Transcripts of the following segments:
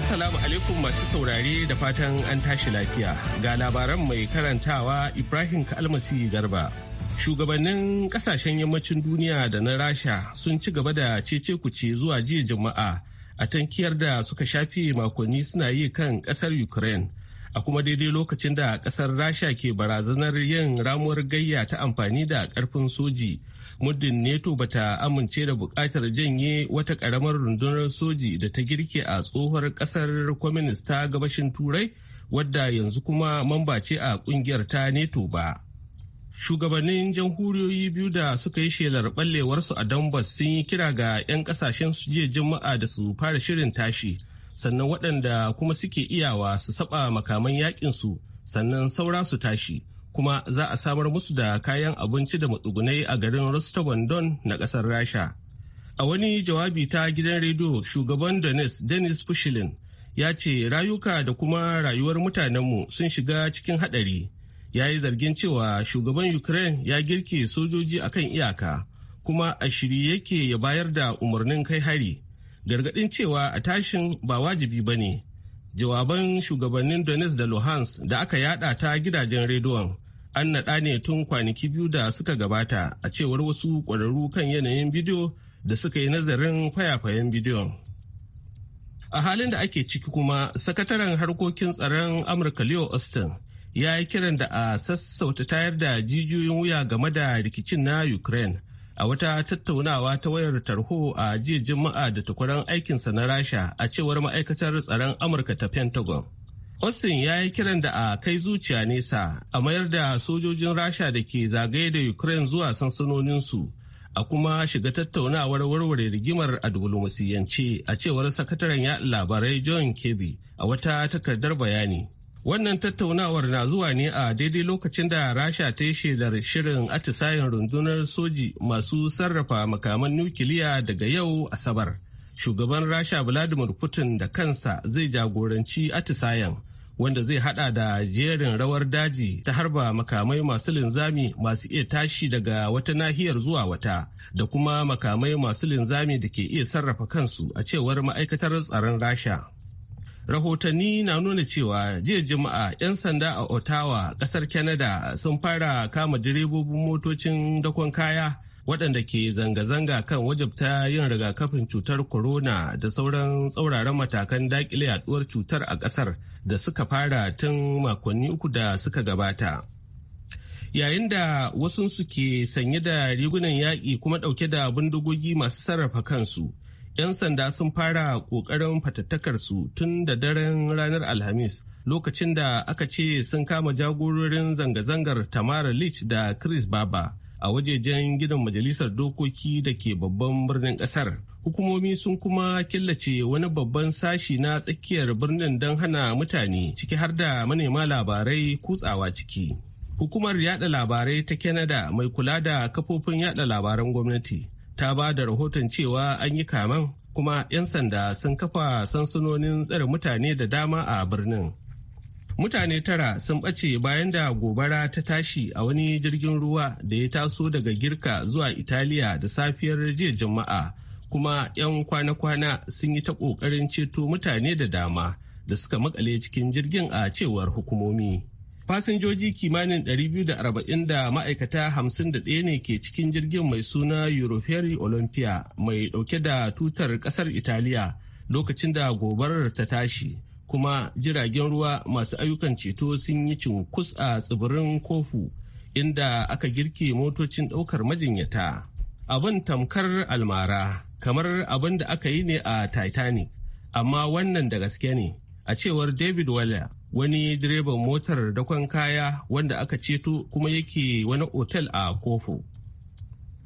Assalamu alaikum masu saurare da fatan an tashi lafiya. Ga labaran mai karantawa Ibrahim Kalmasi Garba. Shugabannin kasashen yammacin duniya da na Rasha sun ci gaba da cece kuce zuwa jiya Juma'a a tankiyar da suka shafe makonni suna yi kan kasar Ukraine. A kuma daidai lokacin da kasar Rasha ke barazanar yin ramuwar gayya ta amfani da karfin soji muddin neto bata amince da bukatar janye wata karamar rundunar soji da ta girke a tsohuwar kasar communist ta gabashin turai wadda yanzu kuma mamba ce a kungiyar ta neto ba shugabannin jamhuriyoyi biyu da suka yi shelar ballewarsu a donbass sun yi kira ga 'yan kasashen su jiya juma'a da su fara shirin tashi sannan waɗanda kuma suke iyawa su saba makaman yakin su sannan saura su tashi kuma za a samar musu da kayan abinci da matsugunai a garin Rostov don na ƙasar Rasha. A wani jawabi ta gidan rediyo shugaban Dennis, Denis Fushilin ya ce rayuka da kuma rayuwar mutanenmu sun shiga cikin haɗari. Ya yi zargin cewa shugaban Ukraine ya girke sojoji akan iyaka kuma a shiri yake ya bayar da umarnin kai hari. Gargaɗin cewa a tashin ba wajibi ba ne. Jawaban shugabannin Donetsk da Luhansk da aka yada ta gidajen rediyon an naɗa ne tun kwanaki biyu da suka gabata a cewar wasu ƙwararru kan yanayin bidiyo da suka yi nazarin kwayakwayen bidiyon. A halin da ake ciki kuma, sakataren harkokin tsaron Amurka Leo Austin ya yi kiran da a sassauta tayar da jijiyoyin wuya game da rikicin na Ukraine a wata tattaunawa ta wayar tarho a jiya Juma'a da takwaran aikinsa na Rasha a cewar ma'aikatar tsaron Amurka ta Pentagon. Austin ya yi kiran da a kai zuciya nesa a mayar da sojojin Rasha da ke zagaye da Ukraine zuwa sansanoninsu a kuma shiga tattaunawar warware rigimar a diflomasiyance a cewar sakataren ya labarai John Kirby a wata takardar bayani. Wannan tattaunawar na zuwa ne a daidai lokacin da Rasha ta yi shaidar shirin atisayen rundunar soji masu sarrafa makaman nukiliya daga yau Asabar. Shugaban Rasha Vladimir Putin da kansa zai jagoranci atisayen. wanda zai hada da jerin rawar daji ta harba makamai masu linzami masu iya tashi daga wata nahiyar zuwa wata da kuma makamai masu linzami da ke iya sarrafa kansu a cewar ma'aikatar tsaron rasha rahotanni na nuna cewa jiya juma'a 'yan sanda a ottawa kasar canada sun fara kama direbobin motocin dakon kaya waɗanda ke zanga-zanga kan wajabta yin rigakafin cutar corona da sauran tsauraran matakan daƙile yaduwar cutar a ƙasar da suka fara tun makonni uku da suka gabata. Yayin da wasu suke sanye da rigunan yaƙi kuma ɗauke da bindigogi masu sarrafa kansu, 'yan sanda sun fara ƙoƙarin fatattakarsu tun da daren ranar Alhamis. lokacin da aka ce sun kama jagororin zanga-zangar Tamara Leach da Chris Baba a wajejen gidan majalisar dokoki da ke babban birnin kasar hukumomi sun kuma killace wani babban sashi na tsakiyar birnin don hana mutane ciki har da manema labarai kutsawa ciki hukumar yada labarai ta canada mai kula da kafofin yada labaran gwamnati ta ba da rahoton cewa an yi kaman kuma 'yan sanda sun kafa sansanonin tsare mutane da dama a birnin mutane tara sun ɓace bayan da gobara ta tashi a wani jirgin ruwa da ya taso daga girka zuwa italiya da safiyar jiya jama'a kuma 'yan kwana-kwana sun yi ta ƙoƙarin ceto mutane da dama da suka makale cikin jirgin a cewar hukumomi fasinjoji kimanin 240 da ma'aikata 51 ne ke cikin jirgin mai suna euroferry olympia mai ɗauke da tutar ƙasar italiya lokacin da gobarar ta tashi kuma jiragen ruwa masu ayyukan ceto sun yi cinkus a tsibirin kofu inda aka girke motocin ɗaukar majinyata abin tamkar almara kamar abin da aka yi ne a titanic amma wannan da gaske ne a cewar david waller wani direban motar dakon kaya wanda aka ceto kuma yake wani otel a kofu.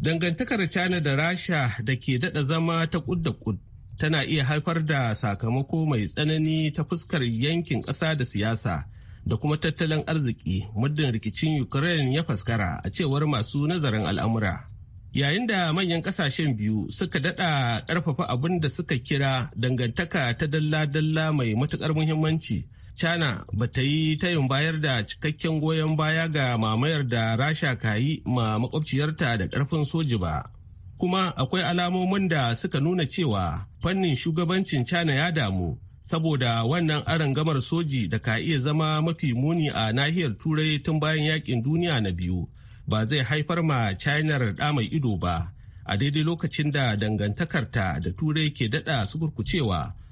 dangantakar china da rasha da ke daɗa zama ta ƙudda kud tana iya haifar da sakamako mai tsanani ta fuskar yankin ƙasa da siyasa da kuma tattalin arziki muddin rikicin ukraine ya faskara a cewar masu nazarin al'amura yayin da manyan ƙasashen biyu suka dada ƙarfafa abin da suka kira dangantaka ta dalla-dalla mai matuƙar muhimmanci china ba ta yi tayin bayar da cikakken goyon baya ga mamayar da rasha ka yi ma makwabciyarta da ƙarfin soji ba kuma akwai alamomin da suka nuna cewa fannin shugabancin china ya damu saboda wannan gamar soji da ka iya zama mafi muni a nahiyar turai tun bayan yakin duniya na biyu ba zai haifar ma china da mai ido ba a daidai lokacin da dangantakarta da turai ke dada su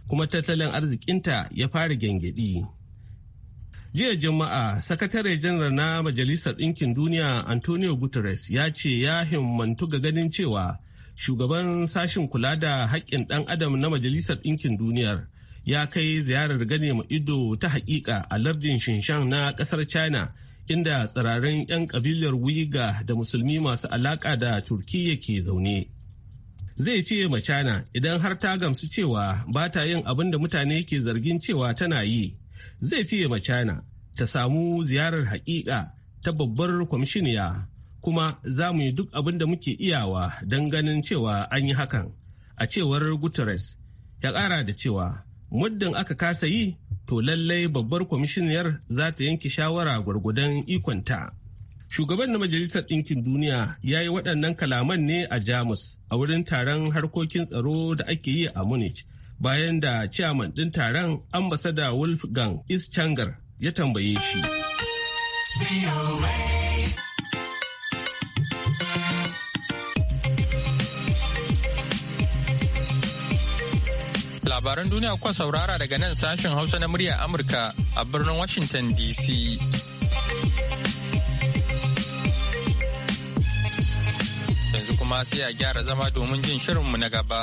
kuma tattalin arzikinta ya fara gyangyaɗi. Jiya Juma'a, Sakatare Janar na Majalisar Ɗinkin Duniya Antonio Guterres ya ce ya himmantu ga ganin cewa shugaban sashin kula da haƙƙin ɗan adam na Majalisar Ɗinkin Duniyar ya kai ziyarar gane ma ido ta haƙiƙa a lardin Shinshan na ƙasar China inda tsirarin 'yan ƙabilar Wiga da Musulmi masu alaƙa da Turkiyya ke zaune. Zai fiye ma China idan har ta gamsu cewa ba ta yin abin da mutane ke zargin cewa tana yi. zai fiye ma china ta samu ziyarar haƙiƙa ta babbar kwamishiniya kuma za mu yi duk abin da muke iyawa don ganin cewa an yi hakan a cewar guterres ya ƙara da cewa muddin aka kasa yi to lallai babbar kwamishiniyar za ta yanke shawara gwargwadon ikonta shugaban na majalisar ɗinkin duniya ya yi waɗannan kalaman ne a jamus a wurin taron harkokin tsaro da ake yi a munich bayan da ciyaman ɗin taron ambasada wolfgang ischangar ya tambaye shi labaran duniya kuwa saurara daga nan sashen hausa na murya amurka a birnin washington dc yanzu kuma sai a gyara zama domin jin shirinmu na gaba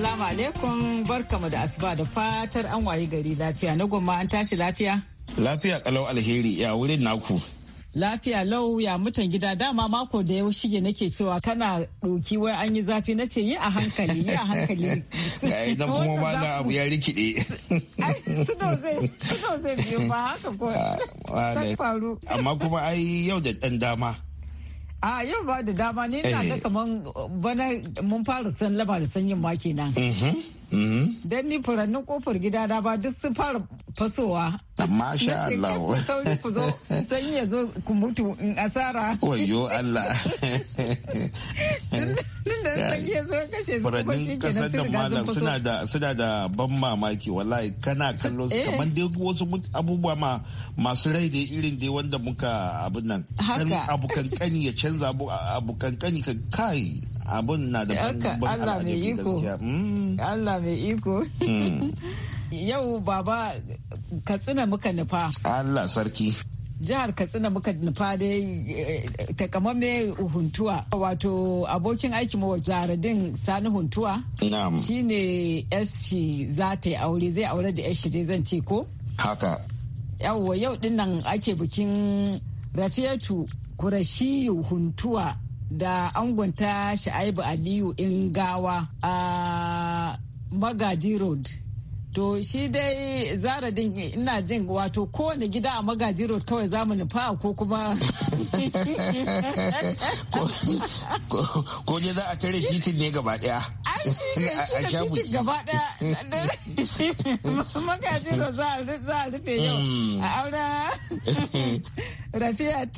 Assalamu alaikum barkamu da asuba da fatar an wayi gari lafiya na gwamma an tashi lafiya? Lafiya kalau alheri ya wurin naku. Lafiya lau ya mutan gida dama mako da ya shige nake cewa kana ɗoki wai an yi zafi na ce yi a hankali yi a hankali. Ga idan kuma ba na abu ya rikide. su zai biyo ba haka ko. Ah, amma kuma ai yau da ɗan dama. A yau ba da dama ne na ga eh. kaman bana mun fara san laba da sanyin ma kenan. Mm-hmm. Mm-hmm. Dan ni furannin kofar gida na ba duk sun fara fasowa Masha Allah. Sai ya zo ku mutu in asara. Wayo Allah. kasar da kashe su malam suna da suna da ban mamaki wallahi kana kallo su eh. kamar dai wasu abubuwa ma masu rai da irin dai wanda muka abin nan. Haka. Abu kankani ya canza abu kankani ka kai. abun na da ban mm. Allah mai iko. Allah mai iko. yau baba katsina muka nufa allah sarki jihar katsina muka nufa dai eh, takamamme huntuwa wato abokin aiki mawa jaradin sani huntuwa ne St. za ta yi aure zai aure da yashi dai zan ce ko haka yawwa yau din nan ake bikin rafiyatu kurashiyu huntuwa da angonta sha'aibu aliyu ingawa a Magadi road To shi dai zara din ina jin wato kowane gida a magaji road kawai za mu nufa ko kuma ko je za a kare titin ne gaba daya. A shabu titin Gaba daya. Magaji za a rufe yau. Hmm. A aura Rafiat.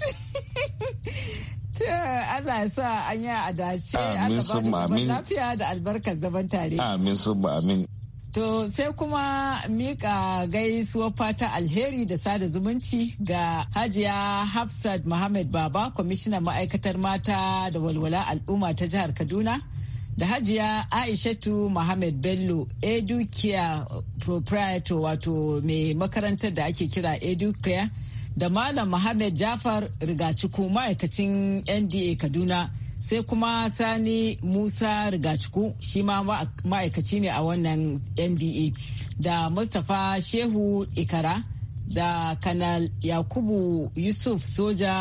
Allah sa an yi a dace. Amin sun Lafiya da albarkar zaman tare. Amin subba amin. To sai kuma mika gaisuwar fata alheri da sada zumunci ga Hajiya Hafsat Muhammad Baba, kwamishinan ma'aikatar mata da walwala al'umma ta jihar Kaduna. Da Hajiya Aishatu Muhammad Bello, Educare Proprietor wato mai makarantar da ake kira Educare, da Malam Muhammad Jafar Rigaciku ma'aikacin NDA Kaduna. sai kuma sani musa rigaciku shi ma ma'aikaci ne a wannan nda da mustapha shehu ikara da kanal yakubu yusuf soja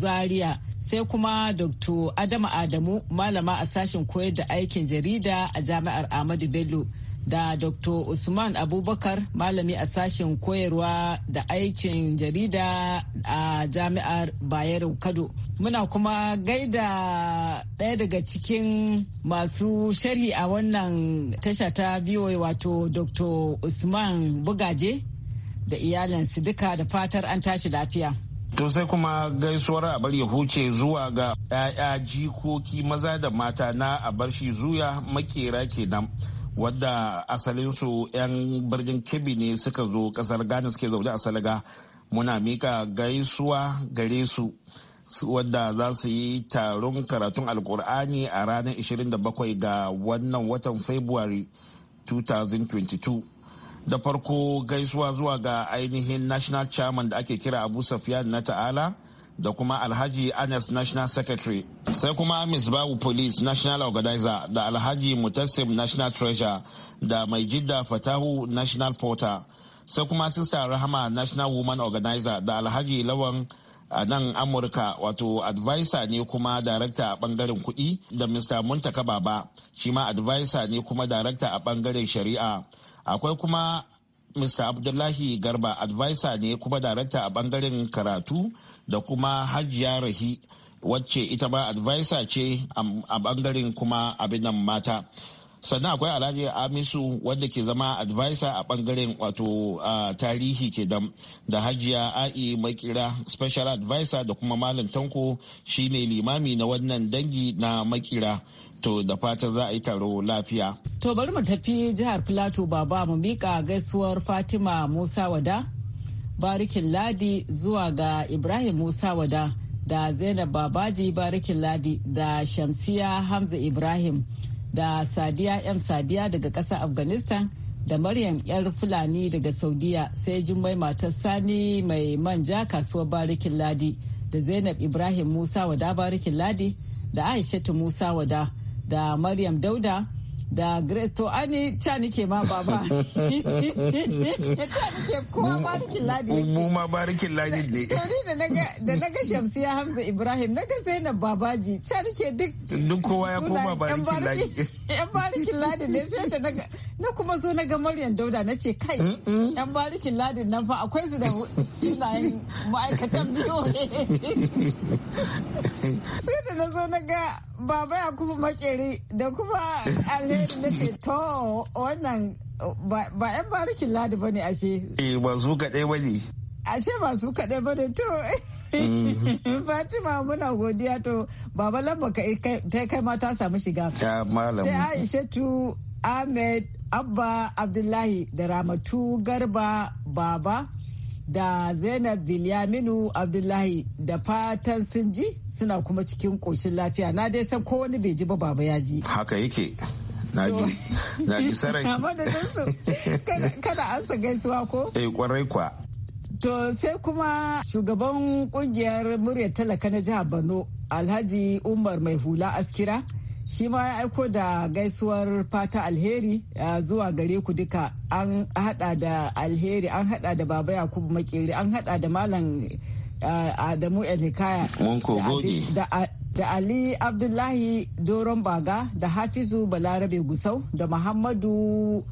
zaria sai kuma dr adama adamu malama a sashen koyar da aikin jarida a jami'ar ahmadu bello da Dr. Usman Abubakar malami a sashen koyarwa da aikin jarida a jami'ar Bayero Kado. Muna kuma gaida ɗaya daga cikin masu sharhi a wannan tasha ta biyo wato Dr. Usman Bugaje da iyalinsu duka da fatar an tashi lafiya. To sai kuma gaisuwar a bar huce zuwa ga 'ya'ya jikoki maza da mata na a bar shi zuya makera kenan. wadda asalinsu 'yan birnin kebbi ne suka zo kasar ghana suke zaune a salaga muna mika gaisuwa gare su wadda za su yi taron karatun alkur'ani a ranar 27 ga wannan watan february 2022 da farko gaisuwa zuwa ga ainihin national chairman da ake kira abu safiya na ta'ala da kuma alhaji anas national secretary sai kuma misbahu police national organizer da alhaji mutassim national Treasurer. da mai jidda fatahu national porter sai kuma sista rahama national woman organizer da alhaji lawan a nan amurka wato advisor ne kuma director a bangaren kudi da mr muntaka baba shi ma advisor ne kuma director a bangaren shari'a akwai kuma mr abdullahi garba advisor ne kuma director a bangaren karatu da kuma hajiya rahi wacce ita ma advisor ce a bangaren kuma abin nan mata sannan akwai alhaji amisu wanda ke zama advisor a bangaren wato tarihi ke da hajiya a'i makira special advisor da kuma malam tanko shine limami na wannan dangi na makira to da fata za a yi taro lafiya to bari mu tafi jihar plateau baba mu mika gaisuwar fatima musa wada barikin ladi zuwa ga ibrahim musa wada da zainab babaji barikin ladi da shamsiya hamza ibrahim da sadiya m sadiya daga ƙasar afghanistan da maryam yar fulani daga saudiya sai jummai matar sani mai manja kasuwar barikin ladi da zainab ibrahim musa wada barikin ladi da aishatu musa wada da maryam dauda da Greto to ani ta nike ma baba ta nike kowa barikin ladi mu ma barikin ladi ne da na ga shamsiya hamza ibrahim na ga zainab babaji ta nike duk duk kowa ya koma barikin ladi yan barikin ladin ne sai da na kuma zo na ga Maryam Dauda na ce kai yan barikin ladin nan fa akwai su da sunayen ma'aikatan biyu sai da na zo na ga baba ya kuma makeri da kuma alheri na ce to wannan ba yan barikin ladi ba ne ashe. Eh ba su ɗaya ba ne. ashe ba su kaɗai ba da to mhm. Fatima muna godiya to baba lamba ta kai ma ta samu shiga. Ta malam. Ta Aishatu Ahmed Abba Abdullahi da Ramatu Garba Baba da Zainab Bilyaminu Abdullahi da fatan sun ji suna kuma cikin ƙoshin lafiya na dai san ko wani bai ji ba baba ya ji. Haka yake. Na ji sarai. Kada an sa gaisuwa ko? Eh kwarai kwa. To sai kuma shugaban kungiyar murya talaka na jihar Borno Alhaji Umar Mai Hula Askira shi ma ya aiko da gaisuwar fata alheri zuwa gare ku duka an hada da alheri an hada da baba yakubu makeri an hada da malam eh, adamu elikaya da ali abdullahi doron baga da hafizu balarabe gusau da muhammadu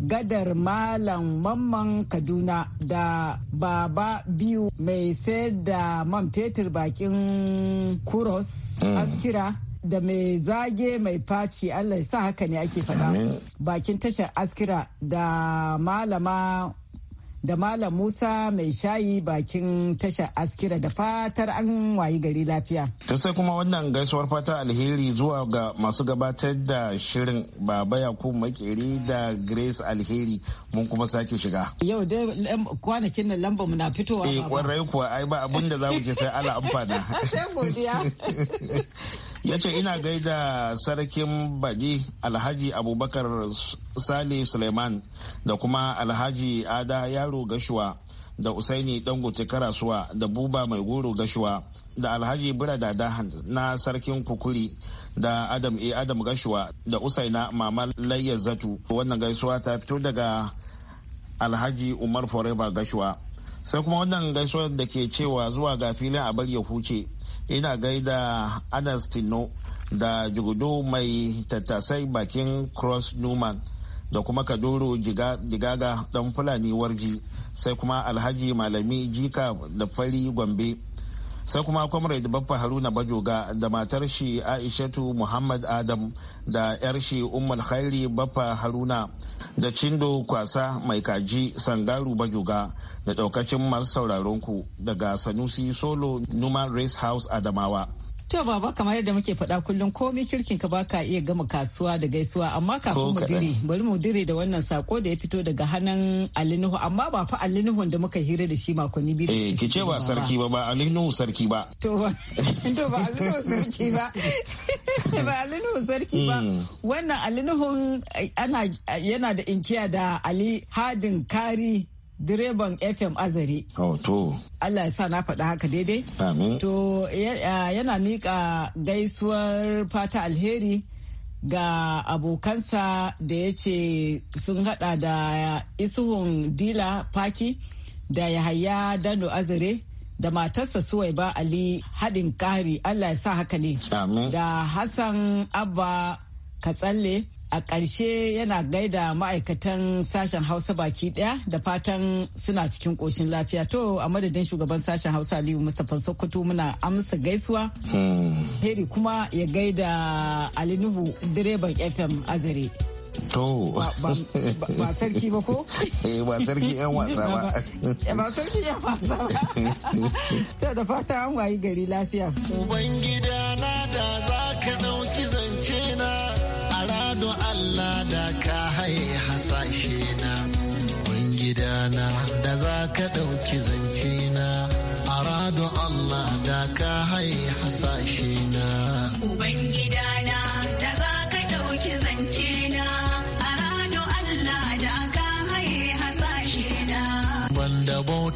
gadar malam mamman kaduna da baba biyu mai sayar da man fetur bakin kuros mm. askira da mai zage mai faci allah sa haka ne ake faɗa bakin tashar askira da malama da Malam Musa mai shayi bakin tashar askira da fatar an wayi gari lafiya. Ta sai kuma wannan gaisuwar fata alheri zuwa ga masu gabatar da shirin Baba Yakubu Makeri da Grace Alheri mun kuma sake shiga. Yau dai kwanakin nan lamba muna fitowa. Eh kwarai kuwa ai ba abin da za mu ce sai ala amfana. Sai godiya. ya ce ina gaida sarkin baji alhaji abubakar sali suleiman da kuma alhaji ada yaro gashuwa da usaini dangote karasuwa da buba mai goro gashuwa da alhaji burada dahan na sarkin kukuri da adam e adam gashuwa da usaina mama layya zatu wannan gaisuwa ta fito daga alhaji umar forever gashuwa sai kuma wannan gaisuwar da ke cewa zuwa ga filin a bar ya huce ina gaida anas tino da jugudu mai tattasai bakin cross newman da kuma kaduru jigaga dan fulani warji sai kuma alhaji malami jika da fari gombe sai kuma comrade baffa haruna bajoga da matar shi aishatu muhammad adam da yar shi umar khairi baffa haruna da cindo kwasa mai kaji sangaru bajuga da daukacin masu sauraron ku daga sanusi solo numan race house adamawa To baba kamar yadda muke faɗa kullum komi kirkin ka baka iya gama kasuwa da gaisuwa amma kafin mu dire bari mu dire da wannan sako da ya fito daga hannun Alinuhu amma ba fa Alinuhu da muka hira da shi makonni biyu. Eh ki ce ba sarki ba ba Alinuhu sarki ba. To ba Alinuhu sarki ba. Ba Alinuhu sarki ba. Hmm. Wannan Alinuhu eh, ana yana da inkiya da Ali Hadin Kari direban fm azare oh, to allah ya sa na faɗa haka daidai to yana miƙa gaisuwar fata alheri ga abokansa da ya ce sun hada da isuhun dila faki da yahaya dano azare da matarsa suwai ba ali haɗin ƙari allah ya sa haka ne da hassan abba katsalle a ƙarshe yana gaida ma'aikatan sashen hausa baki ɗaya da fatan suna cikin ƙoshin lafiya to a madadin shugaban sashen hausa aliyu mustapha sokoto muna amsa gaisuwa hmm. heri kuma ya gaida alinuhu direban fm azare To. Ba sarki ba ko? Eh ba sarki yan wasa ba. Eh, ba sarki yan wasa ba. Ta da fata an wayi gari lafiya. Ubangida. yaye hasashe na gidana da za ka ɗauki zance na a Allah da ka haye hasashe na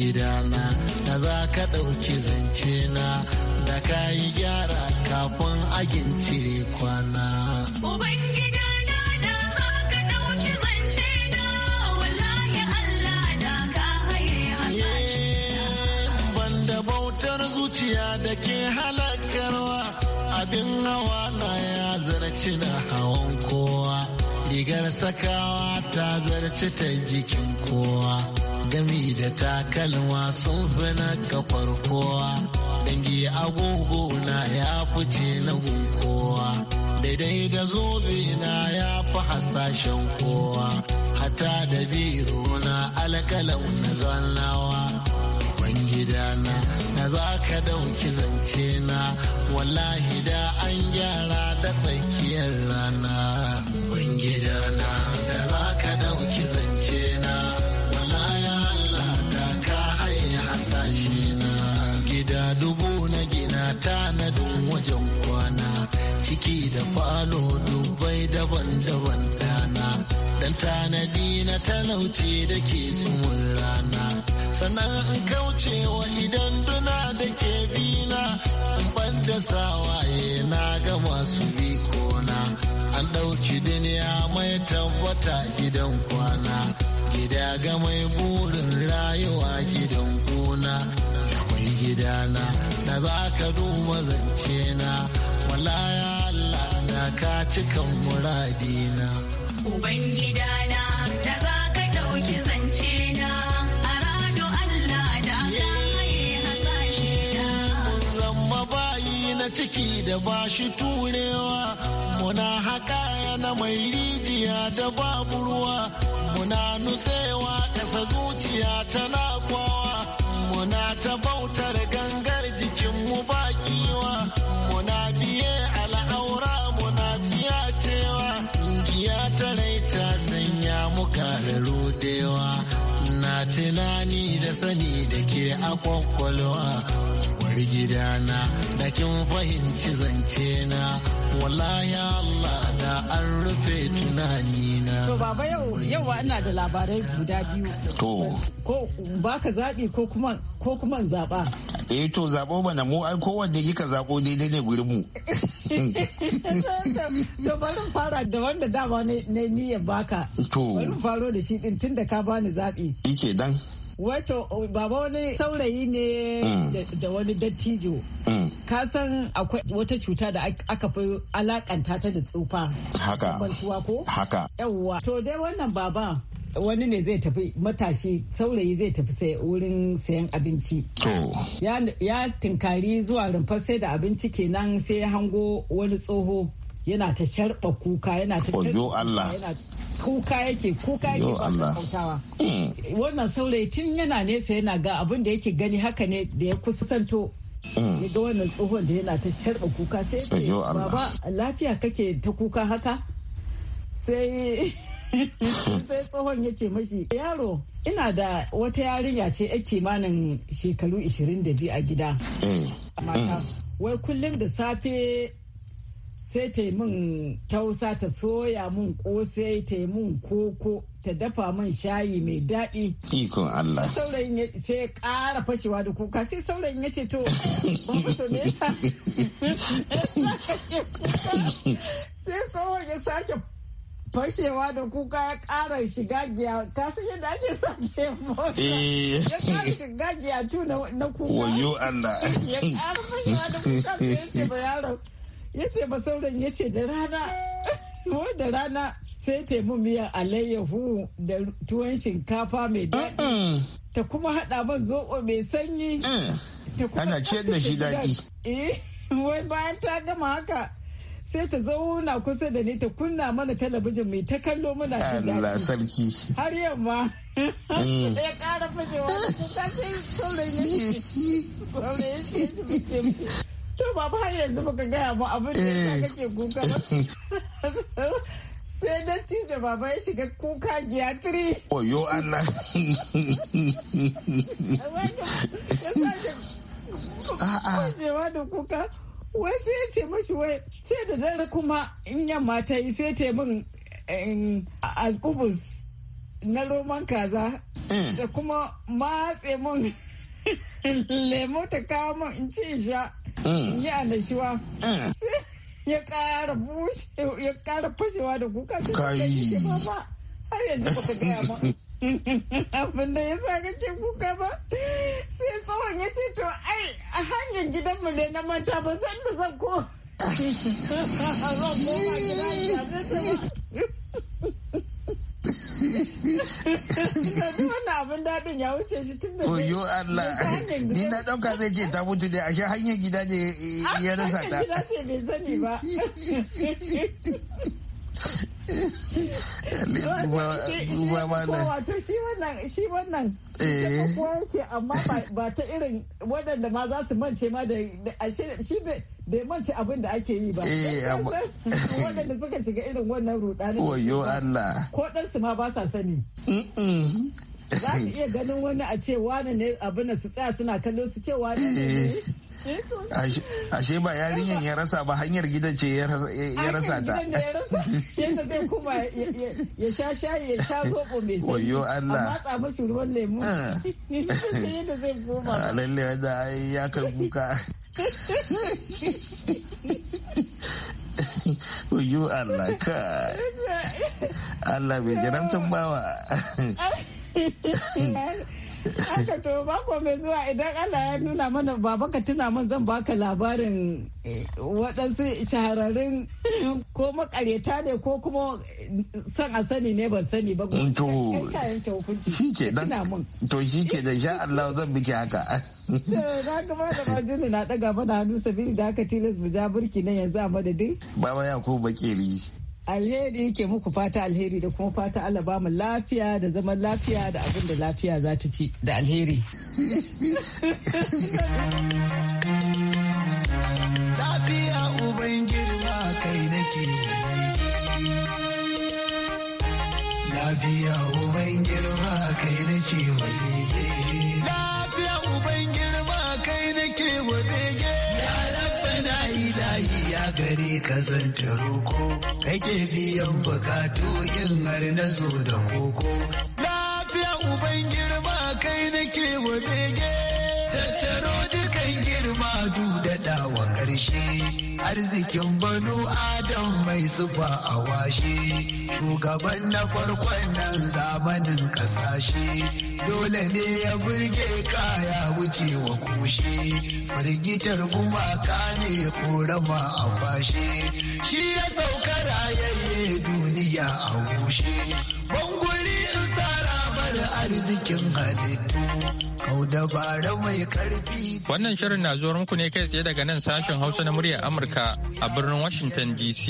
gidana da za ka ɗauki zance na da ka yi gyara kafin agin cire kwana. Ubangida na da za ka ɗauki zance na wallahi Allah da ka haye hasashe. Eh, Banda bautar zuciya da ke halakarwa abin hawa na ya zarci na hawan kowa. Rigar sakawa ta zarci ta jikin kowa. gami da takalma sun fi na kafar kowa dangi agogo na ya fice na kowa daidai da zobe na ya fi hasashen kowa hata da biro na alkalau na zannawa gidana na za ka dauki zance na wallahi da an gyara da tsakiyar rana gidana tanadin wajen kwana ciki da falo dubbai daban-daban dana dan tanadi na talauce da ke tsumin rana sannan in kaucewa idan duna da ke bina in ban da sawaye na ga masu bikona an ɗauki duniya mai tabbata gidan kwana gida ga mai burin rayuwa gidan gona gidana da za ka duba zance na wala ya Allah na ka muradi muradina uban gidana da za ka dauki zance na arado Allah da ya yi hasashe na zama bayi na ciki da bashi turewa muna haka yana mai rijiya da babu ruwa muna nutsewa ƙasa zuciya tana kwawa muna ta bautar gangar jikinmu ba kiwa muna biye al'aura muna tiyatewa giya ta rai ta sanya mu kararu dewa na tunani da sani da ke a kwakwalwa gidana da kin fahimci zance na wallahi Allah da an rufe tunani na to baba yau yau ina da labarai guda biyu to ko baka zabi ko kuma ko kuma zaba eh to zabo mana mu ai kowanne kika zabo daidai ne gurin mu to bari fara da wanda dama ne niyyar baka to bari faro da shi din tunda ka bani zabi yake dan wato baba wani saurayi ne mm. da wani dattijo mm. ka san akwai wata cuta da aka fi alakanta ta da tsufa haka kwantuwa ko haka yawwa to dai wannan baba wani ne zai tafi matashi saurayi zai tafi sai wurin sayan abinci ya tinkari zuwa rumfa sai da abinci kenan sai hango wani tsoho yana ta sharɓa kuka yana ta sharɓa Allah kuka yake kuka yake ba kautawa hmm. wannan saurayi tun yana nesa yana ga abin da yake gani haka ne da ya kusanto hmm. ya ga wannan tsohon da yana ta sharɓa kuka sai ce baba lafiya kake ta kuka haka sai sai tsohon ya ce mashi yaro ina da wata yarinya ce yan kimanin shekaru 22 a gida eh. mata hmm. wai kullum da safe sai ta yi min tausa ta soya min kosai ta yi min koko ta dafa min shayi mai daɗi. Ikon Allah. Saurayin ya sai ƙara fashewa da kuka sai saurayin ya ce to ba to me yasa. Sai tsohon ya sake fashewa da kuka ya ƙara shiga giya ta san yadda ake sa giya ya ƙara eh. shiga giya tu na kuka. Wayo Allah. Ya ƙara fashewa da kuka sai ya ce ba yaron. ya ce masauran ya ce da rana da rana sai ta mu miyan alayyahu da tuwon shinkafa mai daɗi ta kuma haɗa man zoɓo mai sanyi mm. ana ciyar da shi daɗi eh, wai bayan ta gama haka sai ta zauna kusa da ni ta kunna mana talabijin mai ta kallo mana Allah sarki har yamma mm. ya ƙara fashewa ta sai saurayi ya ce To baba har yanzu baka gaya mu abin da ya eh. kake kuka ba. sai ci da baba ya shiga kuka tiri. Oyo Allah. A'a. da kuka. Wai sai ya ce mashi wai sai da dare kuma in yamma ta yi sai ce min eh, alkubus na roman kaza. Eh. Da kuma matse min lemo ta kawo min in ce sha. Mm. Mm. ya annashuwa ya kara bushe ya kara fashewa da kuka ta kai har yanzu baka gaya ba abin da ya sa kake kuka ba sai tsohon ya ce to ai a hanyar gidanmu ne na mata ba san da zan ko zan koma gida wannan abin daɗin ya wuce shi tun da Oyo Allah. Ni na ɗauka zai ce ta mutu dai ashe hanyar gida ne ya rasa ta. Gida ce bai sani ba. Ruba ma na. Wato shi wannan shi wannan. Eh. Kowa yake amma ba ta irin waɗanda ma za su mance ma da shi bai manta abin da ake yi ba. Eh, waɗanda suka shiga irin wannan rudani. Wayo Allah. Ko ɗansu ma ba sa sani. Za su iya ganin wani a ce wani ne abin da su tsaya suna kallo su ce wani ne. Eh. Eh, ashe ba yarinyan ya rasa ba hanyar gidan ce ya rasa ta. Yadda zai kuma ya sha shayi ya sha zoɓo mai sanyi. Wayo Allah. A matsa mashi ruwan lemu. Ah. Yadda zai koma. Ah, lalle ya kai kuka. Uyu Allah ka Allah bai jarabtar bawa. Haka to mako mai zuwa idan Allah ya nuna mana baba ka tuna man zan baka labarin eh, waɗansu shahararrun ko makareta ne ko kuma san a sani ne ban sani ba. To shi ke dan to shi ke da sha Allah zan biki haka. Na kuma da majini na ɗaga mana hannu sabili da aka tilas mu ja burki na yanzu a madadin. Baba ko Bakeri. alheri ke muku fata alheri da kuma fata Allah ba mu lafiya da zaman lafiya da abin da lafiya za ta ci da alheri. Lafiya uban girma kai nake Lafiya uban girma kai nake walege. Lafiya uban girma kai nake walege. Ya rabba na ilahi ya gare ka zanta roko. kake biyan bukatu in har na zo da koko. Lafiya uban girma kai nake wa bege. shi arzikin banu adam mai sufa a washe shugaban na farkon nan zamanin kasashe dole ne ya burge kaya wucewa kushe firgitar gumaka ne korama a fashe shi ya sauka rayayye duniya a gushe bangure wannan shirin na zuwa muku ne kai tsaye daga nan sashen hausa na muryar amurka a birnin washington dc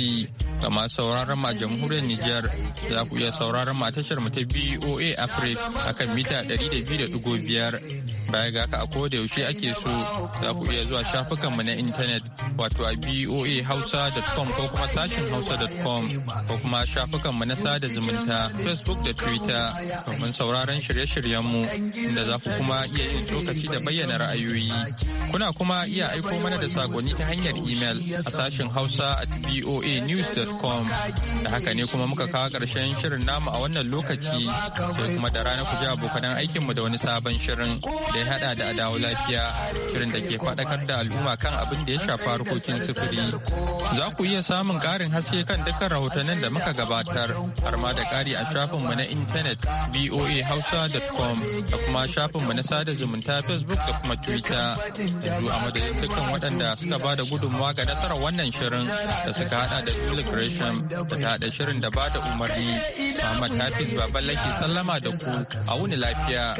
ga masu sauraron ma jamhuriyar Nijar za ku iya sauraron ma tashar mu ta boa africa a kan mita 200.5 baya ga haka a koda yaushe ake so za ku iya zuwa shafukanmu na intanet wato a boa hausa.com ko kuma sashen hausa.com ko kuma shafukanmu na sada zumunta facebook da twitter domin sauraron sauraron shirye-shiryenmu da za ku kuma iya yin lokaci da bayyana ra'ayoyi. Kuna kuma iya aiko mana da sakonni ta hanyar email a sashen Hausa at com Da haka ne kuma muka kawo ƙarshen shirin namu a wannan lokaci sai kuma da rana ku ji abokanan aikinmu da wani sabon shirin da ya haɗa da adawo lafiya shirin da ke faɗakar da al'umma kan abin da ya shafa harkokin sufuri. Za ku iya samun ƙarin haske kan dukkan rahotannin da muka gabatar har ma da ƙari a shafinmu na intanet voa da kuma shafinmu na sada zumunta facebook da kuma twitter yanzu a madadin dukkan waɗanda suka ba da gudunmawa ga nasarar wannan shirin da suka hada da julie da ta hada shirin da ba da umarni muhammad hafiz baballake sallama da ku a wuni lafiya